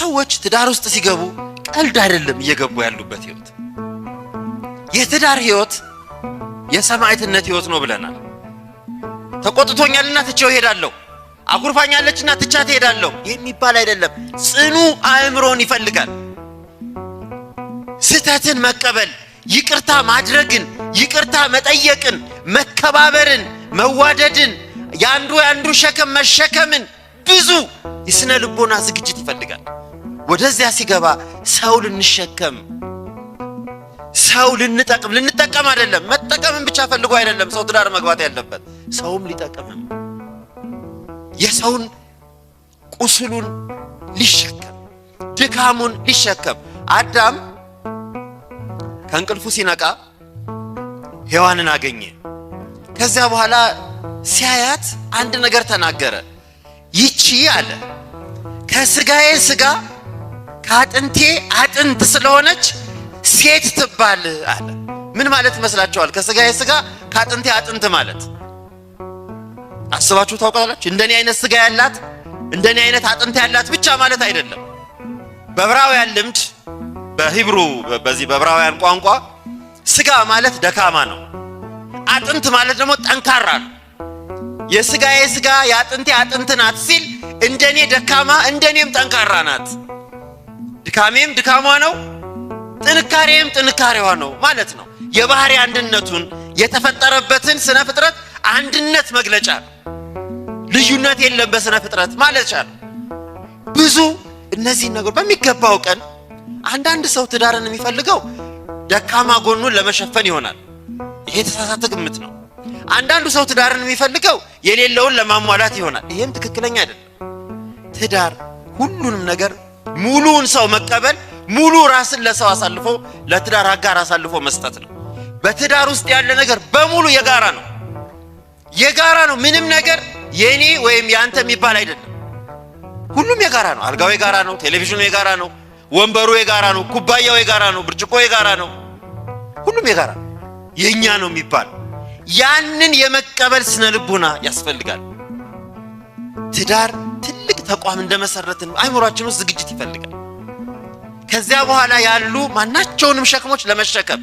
ሰዎች ትዳር ውስጥ ሲገቡ ቀልድ አይደለም እየገቡ ያሉበት ህይወት። የትዳር ህይወት የሰማዕትነት ህይወት ነው ብለናል። ተቆጥቶኛልና ትቼው እሄዳለሁ፣ አኩርፋኛለችና ትቻ ትሄዳለሁ የሚባል አይደለም። ጽኑ አእምሮን ይፈልጋል። ስህተትን መቀበል፣ ይቅርታ ማድረግን፣ ይቅርታ መጠየቅን፣ መከባበርን፣ መዋደድን፣ የአንዱ የአንዱ ሸክም መሸከምን ብዙ የስነ ልቦና ዝግጅት ይፈልጋል። ወደዚያ ሲገባ ሰው ልንሸከም ሰው ልንጠቅም ልንጠቀም አይደለም። መጠቀምን ብቻ ፈልጎ አይደለም ሰው ትዳር መግባት ያለበት ሰውም ሊጠቅምም የሰውን ቁስሉን ሊሸከም ድካሙን ሊሸከም። አዳም ከእንቅልፉ ሲነቃ ሔዋንን አገኘ። ከዚያ በኋላ ሲያያት አንድ ነገር ተናገረ። ይቺ አለ ከስጋዬ ስጋ ከአጥንቴ አጥንት ስለሆነች ሴት ትባል አለ። ምን ማለት ይመስላችኋል? ከስጋዬ ስጋ ከአጥንቴ አጥንት ማለት አስባችሁ ታውቃላችሁ? እንደኔ አይነት ስጋ ያላት እንደኔ አይነት አጥንት ያላት ብቻ ማለት አይደለም። በዕብራውያን ልምድ በሂብሩ በዚህ በዕብራውያን ቋንቋ ስጋ ማለት ደካማ ነው፣ አጥንት ማለት ደግሞ ጠንካራ ነው። የስጋዬ ስጋ የአጥንቴ አጥንት ናት ሲል እንደኔ ደካማ እንደኔም ጠንካራ ናት ድካሜም ድካሟ ነው፣ ጥንካሬም ጥንካሬዋ ነው ማለት ነው። የባህሪ አንድነቱን የተፈጠረበትን ስነ ፍጥረት አንድነት መግለጫ ነው። ልዩነት የለም በስነ ፍጥረት ማለት ነው። ብዙ እነዚህን ነገሮች በሚገባው ቀን አንዳንድ ሰው ትዳርን የሚፈልገው ደካማ ጎኑን ለመሸፈን ይሆናል። ይሄ የተሳሳተ ግምት ነው። አንዳንዱ ሰው ትዳርን የሚፈልገው የሌለውን ለማሟላት ይሆናል። ይህም ትክክለኛ አይደለም። ትዳር ሁሉንም ነገር ሙሉውን ሰው መቀበል ሙሉ ራስን ለሰው አሳልፎ ለትዳር አጋር አሳልፎ መስጠት ነው። በትዳር ውስጥ ያለ ነገር በሙሉ የጋራ ነው፣ የጋራ ነው። ምንም ነገር የኔ ወይም የአንተ የሚባል አይደለም። ሁሉም የጋራ ነው። አልጋው የጋራ ነው፣ ቴሌቪዥኑ የጋራ ነው፣ ወንበሩ የጋራ ነው፣ ኩባያው የጋራ ነው፣ ብርጭቆ የጋራ ነው። ሁሉም የጋራ ነው፣ የእኛ ነው የሚባል ያንን የመቀበል ስነ ልቡና ያስፈልጋል ትዳር ትልቅ ተቋም እንደመሰረትን አይምሯችን ውስጥ ዝግጅት ይፈልጋል። ከዚያ በኋላ ያሉ ማናቸውንም ሸክሞች ለመሸከም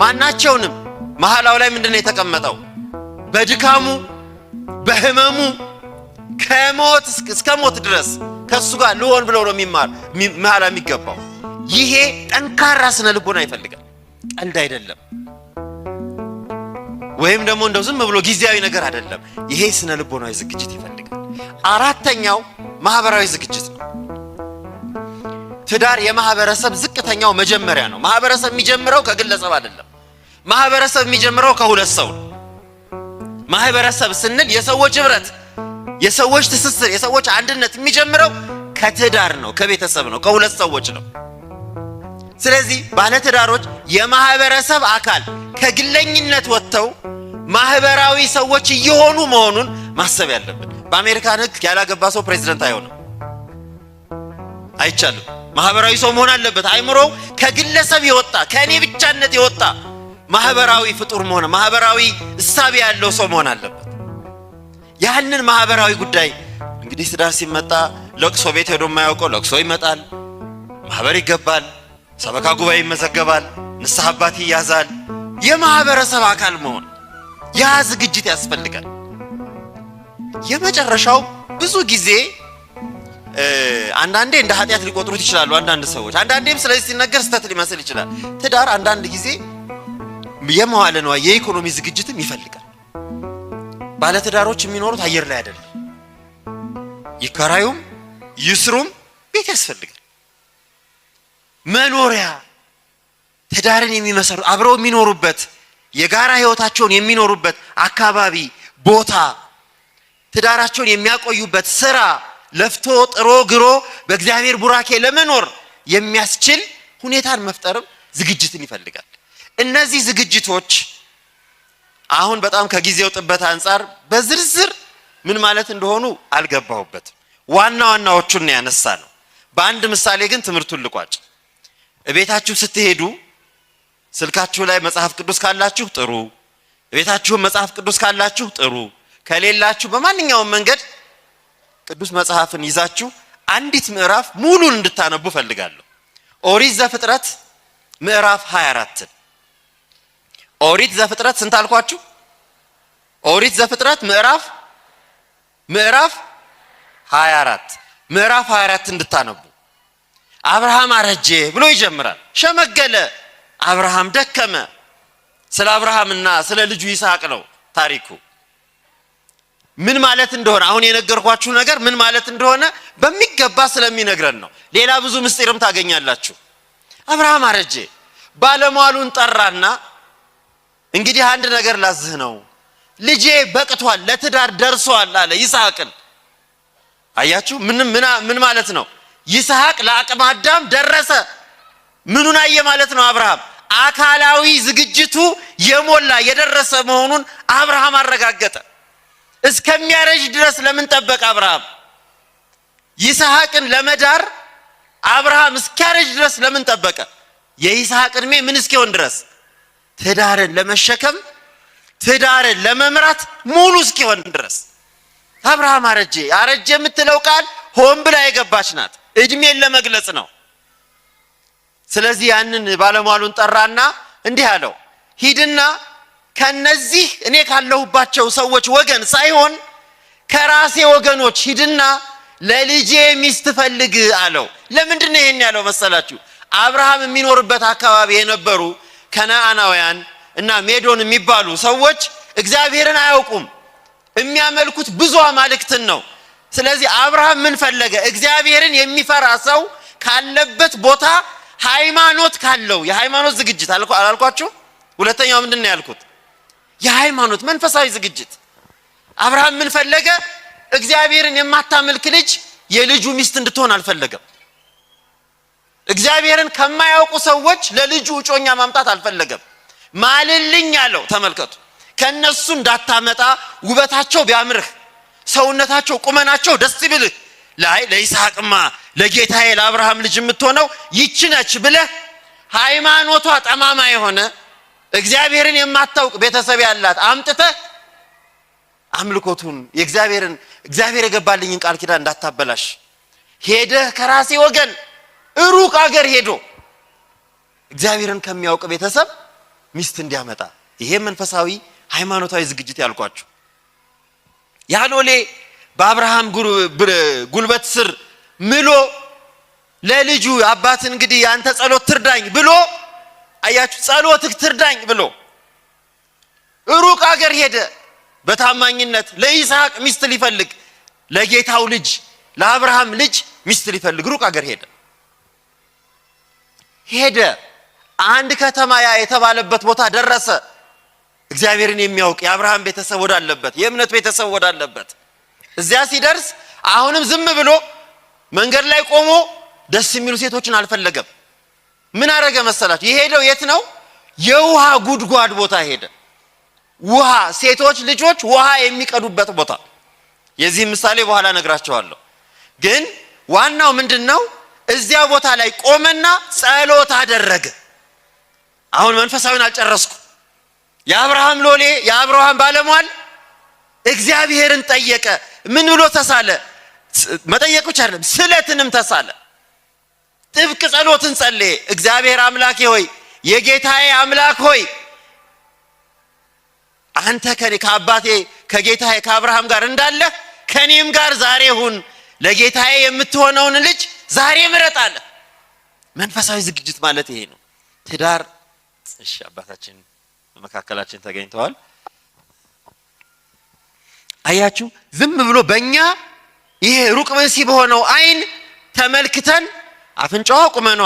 ማናቸውንም መሐላው ላይ ምንድን ነው የተቀመጠው? በድካሙ በህመሙ ከሞት እስከ ሞት ድረስ ከእሱ ጋር ልሆን ብለው ነው የሚማር መሐላ የሚገባው። ይሄ ጠንካራ ስነ ልቦና ይፈልጋል። ቀልድ አይደለም። ወይም ደግሞ እንደው ዝም ብሎ ጊዜያዊ ነገር አይደለም። ይሄ ስነ ልቦናዊ ዝግጅት ይፈልጋል። አራተኛው ማህበራዊ ዝግጅት ነው። ትዳር የማህበረሰብ ዝቅተኛው መጀመሪያ ነው። ማህበረሰብ የሚጀምረው ከግለሰብ አይደለም። ማህበረሰብ የሚጀምረው ከሁለት ሰው ነው። ማህበረሰብ ስንል የሰዎች ህብረት፣ የሰዎች ትስስር፣ የሰዎች አንድነት የሚጀምረው ከትዳር ነው፣ ከቤተሰብ ነው፣ ከሁለት ሰዎች ነው። ስለዚህ ባለትዳሮች የማህበረሰብ አካል ከግለኝነት ወጥተው ማህበራዊ ሰዎች እየሆኑ መሆኑን ማሰብ ያለብን። በአሜሪካን ሕግ ያላገባ ሰው ፕሬዚደንት አይሆንም፣ አይቻልም። ማህበራዊ ሰው መሆን አለበት። አይምሮው ከግለሰብ የወጣ ከእኔ ብቻነት የወጣ ማህበራዊ ፍጡር መሆን ማህበራዊ እሳቤ ያለው ሰው መሆን አለበት። ያንን ማህበራዊ ጉዳይ እንግዲህ ትዳር ሲመጣ ለቅሶ ቤት ሄዶ የማያውቀው ለቅሶ ይመጣል፣ ማህበር ይገባል። ሰበካ ጉባኤ ይመዘገባል፣ ንስሐ አባት ይያዛል። የማህበረሰብ አካል መሆን ያ ዝግጅት ያስፈልጋል። የመጨረሻው ብዙ ጊዜ አንዳንዴ እንደ ኃጢአት ሊቆጥሩት ይችላሉ አንዳንድ ሰዎች። አንዳንዴም ስለዚህ ሲነገር ስህተት ሊመስል ይችላል። ትዳር አንዳንድ ጊዜ የመዋለ የኢኮኖሚ ዝግጅትም ይፈልጋል። ባለትዳሮች የሚኖሩት አየር ላይ አይደለም። ይከራዩም ይስሩም ቤት ያስፈልጋል። መኖሪያ ትዳርን የሚመሰሩ አብረው የሚኖሩበት የጋራ ህይወታቸውን የሚኖሩበት አካባቢ ቦታ ትዳራቸውን የሚያቆዩበት ስራ ለፍቶ ጥሮ ግሮ በእግዚአብሔር ቡራኬ ለመኖር የሚያስችል ሁኔታን መፍጠርም ዝግጅትን ይፈልጋል። እነዚህ ዝግጅቶች አሁን በጣም ከጊዜው ጥበት አንጻር በዝርዝር ምን ማለት እንደሆኑ አልገባሁበትም። ዋና ዋናዎቹን ያነሳ ነው። በአንድ ምሳሌ ግን ትምህርቱን ልቋጭ። ቤታችሁ ስትሄዱ ስልካችሁ ላይ መጽሐፍ ቅዱስ ካላችሁ ጥሩ፣ ቤታችሁ መጽሐፍ ቅዱስ ካላችሁ ጥሩ። ከሌላችሁ በማንኛውም መንገድ ቅዱስ መጽሐፍን ይዛችሁ አንዲት ምዕራፍ ሙሉን እንድታነቡ ፈልጋለሁ። ኦሪት ዘፍጥረት ምዕራፍ 24 ኦሪት ዘፍጥረት ስንት አልኳችሁ? ኦሪት ዘፍጥረት ምዕራፍ ምዕራፍ 24 ምዕራፍ 24 እንድታነቡ አብርሃም አረጀ ብሎ ይጀምራል። ሸመገለ፣ አብርሃም ደከመ። ስለ አብርሃምና ስለ ልጁ ይስሐቅ ነው ታሪኩ። ምን ማለት እንደሆነ አሁን የነገርኳችሁ ነገር ምን ማለት እንደሆነ በሚገባ ስለሚነግረን ነው። ሌላ ብዙ ምስጢርም ታገኛላችሁ። አብርሃም አረጀ፣ ባለሟሉን ጠራና እንግዲህ አንድ ነገር ላዝህ ነው፣ ልጄ በቅቷል፣ ለትዳር ደርሷል አለ ይስሐቅን። አያችሁ ምን ምን ማለት ነው? ይስሐቅ ለአቅመ አዳም ደረሰ። ምኑን አየ ማለት ነው? አብርሃም አካላዊ ዝግጅቱ የሞላ የደረሰ መሆኑን አብርሃም አረጋገጠ። እስከሚያረጅ ድረስ ለምን ጠበቀ? አብርሃም ይስሐቅን ለመዳር አብርሃም እስኪያረጅ ድረስ ለምን ጠበቀ? የይስሐቅ ዕድሜ ምን እስኪሆን ድረስ ትዳርን ለመሸከም ትዳርን ለመምራት ሙሉ እስኪሆን ድረስ አብርሃም አረጀ። አረጀ የምትለው ቃል ሆን ብላ የገባች ናት። እድሜን ለመግለጽ ነው። ስለዚህ ያንን ባለሟሉን ጠራና እንዲህ አለው፣ ሂድና ከነዚህ እኔ ካለሁባቸው ሰዎች ወገን ሳይሆን ከራሴ ወገኖች ሂድና ለልጄ ሚስት ፈልግ አለው። ለምንድን ነው ይሄን ያለው መሰላችሁ? አብርሃም የሚኖርበት አካባቢ የነበሩ ከነአናውያን እና ሜዶን የሚባሉ ሰዎች እግዚአብሔርን አያውቁም። የሚያመልኩት ብዙ አማልክትን ነው። ስለዚህ አብርሃም ምን ፈለገ? እግዚአብሔርን የሚፈራ ሰው ካለበት ቦታ ሃይማኖት ካለው የሃይማኖት ዝግጅት አላልኳችሁ? ሁለተኛው ምንድን ነው ያልኩት? የሃይማኖት መንፈሳዊ ዝግጅት። አብርሃም ምን ፈለገ? እግዚአብሔርን የማታመልክ ልጅ የልጁ ሚስት እንድትሆን አልፈለገም። እግዚአብሔርን ከማያውቁ ሰዎች ለልጁ እጮኛ ማምጣት አልፈለገም። ማልልኝ አለው። ተመልከቱ፣ ከእነሱ እንዳታመጣ ውበታቸው ቢያምርህ ሰውነታቸው ቁመናቸው ደስ ይብል ላይ ለይስሐቅማ ለጌታዬ ለአብርሃም ልጅ የምትሆነው ይቺ ነች ብለ ሃይማኖቷ ጠማማ የሆነ እግዚአብሔርን የማታውቅ ቤተሰብ ያላት አምጥተ አምልኮቱን የእግዚአብሔርን እግዚአብሔር የገባልኝን ቃል ኪዳን እንዳታበላሽ ሄደህ ከራሴ ወገን ሩቅ አገር ሄዶ እግዚአብሔርን ከሚያውቅ ቤተሰብ ሚስት እንዲያመጣ ይሄ መንፈሳዊ ሃይማኖታዊ ዝግጅት ያልኳችሁ ያሎሌ በአብርሃም ጉልበት ስር ምሎ ለልጁ አባት እንግዲህ ያንተ ጸሎት ትርዳኝ ብሎ አያችሁ፣ ጸሎትህ ትርዳኝ ብሎ ሩቅ አገር ሄደ። በታማኝነት ለይስሐቅ ሚስት ሊፈልግ ለጌታው ልጅ ለአብርሃም ልጅ ሚስት ሊፈልግ ሩቅ አገር ሄደ ሄደ። አንድ ከተማ ያ የተባለበት ቦታ ደረሰ። እግዚአብሔርን የሚያውቅ የአብርሃም ቤተሰብ ወዳለበት የእምነት ቤተሰብ ወዳለበት እዚያ ሲደርስ አሁንም ዝም ብሎ መንገድ ላይ ቆሞ ደስ የሚሉ ሴቶችን አልፈለገም። ምን አረገ መሰላቸው የሄደው የት ነው? የውሃ ጉድጓድ ቦታ ሄደ። ውሃ ሴቶች ልጆች ውሃ የሚቀዱበት ቦታ። የዚህ ምሳሌ በኋላ ነግራቸዋለሁ። ግን ዋናው ምንድን ነው? እዚያ ቦታ ላይ ቆመና ጸሎት አደረገ። አሁን መንፈሳዊን አልጨረስኩ የአብርሃም ሎሌ የአብርሃም ባለሟል እግዚአብሔርን ጠየቀ። ምን ብሎ ተሳለ? መጠየቅ ብቻ አይደለም፣ ስለትንም ተሳለ። ጥብቅ ጸሎትን ጸለየ። እግዚአብሔር አምላኬ ሆይ የጌታዬ አምላክ ሆይ አንተ ከኔ ከአባቴ ከጌታዬ ከአብርሃም ጋር እንዳለ ከኔም ጋር ዛሬ ሁን። ለጌታዬ የምትሆነውን ልጅ ዛሬ ምረጣለ መንፈሳዊ ዝግጅት ማለት ይሄ ነው። ትዳር እሺ አባታችን በመካከላችን ተገኝተዋል። አያችሁ፣ ዝም ብሎ በእኛ ይሄ ሩቅ መንሲ በሆነው አይን ተመልክተን አፍንጫዋ ቁመኗ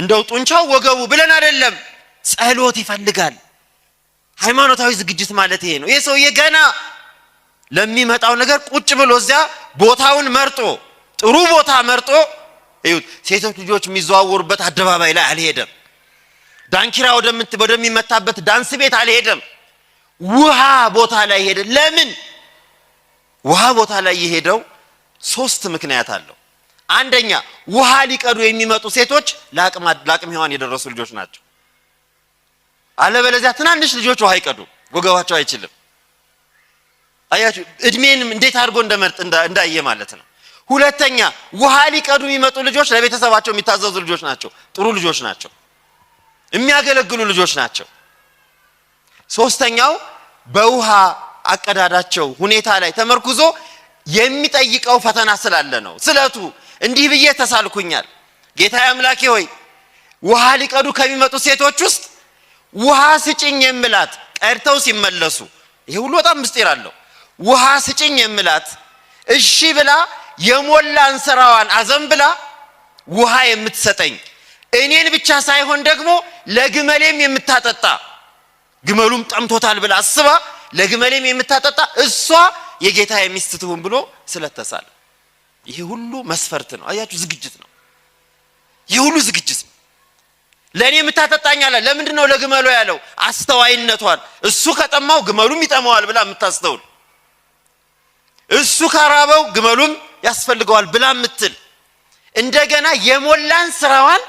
እንደው ጡንቻው ወገቡ ብለን አይደለም። ጸሎት ይፈልጋል። ሃይማኖታዊ ዝግጅት ማለት ይሄ ነው። ይሄ ሰውዬ ገና ለሚመጣው ነገር ቁጭ ብሎ እዚያ ቦታውን መርጦ ጥሩ ቦታ መርጦ እዩት። ሴቶች ልጆች የሚዘዋወሩበት አደባባይ ላይ አልሄደም። ዳንኪራ ወደሚመታበት ዳንስ ቤት አልሄደም። ውሃ ቦታ ላይ ሄደ። ለምን ውሃ ቦታ ላይ የሄደው? ሶስት ምክንያት አለው። አንደኛ ውሃ ሊቀዱ የሚመጡ ሴቶች ለአቅም ሔዋን የደረሱ ልጆች ናቸው። አለበለዚያ ትናንሽ ልጆች ውሃ ይቀዱ፣ ወገባቸው አይችልም። አያችሁ፣ እድሜንም እንዴት አድርጎ እንደመርጥ እንዳየ ማለት ነው። ሁለተኛ ውሃ ሊቀዱ የሚመጡ ልጆች ለቤተሰባቸው የሚታዘዙ ልጆች ናቸው። ጥሩ ልጆች ናቸው። የሚያገለግሉ ልጆች ናቸው። ሶስተኛው በውሃ አቀዳዳቸው ሁኔታ ላይ ተመርኩዞ የሚጠይቀው ፈተና ስላለ ነው። ስለቱ እንዲህ ብዬ ተሳልኩኛል። ጌታ አምላኬ ሆይ ውሃ ሊቀዱ ከሚመጡ ሴቶች ውስጥ ውሃ ስጭኝ የምላት ቀድተው ሲመለሱ፣ ይሄ ሁሉ በጣም ምስጢር አለው። ውሃ ስጭኝ የምላት እሺ ብላ የሞላ አዘን ብላ ውሃ የምትሰጠኝ እኔን ብቻ ሳይሆን ደግሞ ለግመሌም የምታጠጣ ግመሉም ጠምቶታል ብላ አስባ ለግመሌም የምታጠጣ እሷ የጌታ የሚስት ትሁን ብሎ ስለተሳለ ይሄ ሁሉ መስፈርት ነው። አያችሁ፣ ዝግጅት ነው። ይህ ሁሉ ዝግጅት ነው። ለእኔ የምታጠጣኝ አለ። ለምንድን ነው ለግመሉ ያለው? አስተዋይነቷን እሱ ከጠማው ግመሉም ይጠማዋል ብላ የምታስተውል፣ እሱ ካራበው ግመሉም ያስፈልገዋል ብላ የምትል እንደገና የሞላን ስራዋን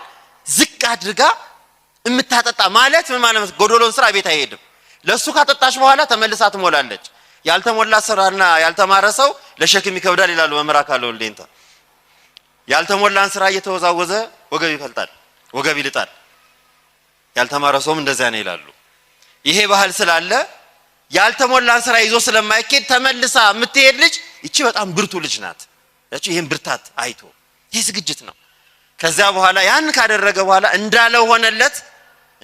ዝቅ አድርጋ የምታጠጣ ማለት ምን ማለት ጎዶሎን ስራ ቤት አይሄድም። ለሱ ካጠጣች በኋላ ተመልሳ ትሞላለች። ያልተሞላ ስራና ያልተማረ ሰው ለሸክም ይከብዳል ይላሉ መምህር አካለ ወልድ ያልተሞላን ስራ እየተወዛወዘ ወገብ ይፈልጣል፣ ወገብ ይልጣል። ያልተማረ ሰውም እንደዚያ ነው ይላሉ። ይሄ ባህል ስላለ ያልተሞላን ስራ ይዞ ስለማይኬድ ተመልሳ የምትሄድ ልጅ ይቺ በጣም ብርቱ ልጅ ናት። ያቺ ይሄን ብርታት አይቶ ይህ ዝግጅት ነው። ከዚያ በኋላ ያን ካደረገ በኋላ እንዳለው ሆነለት።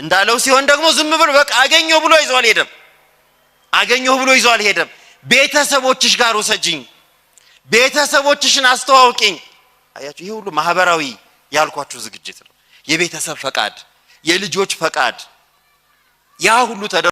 እንዳለው ሲሆን ደግሞ ዝም ብሎ በቃ አገኘሁ ብሎ ይዞ አልሄደም። አገኘሁ ብሎ ይዞ አልሄደም። ቤተሰቦችሽ ጋር ውሰጅኝ፣ ቤተሰቦችሽን አስተዋውቂኝ። አያችሁ፣ ይህ ሁሉ ማህበራዊ ያልኳችሁ ዝግጅት ነው። የቤተሰብ ፈቃድ፣ የልጆች ፈቃድ ያ ሁሉ ተደ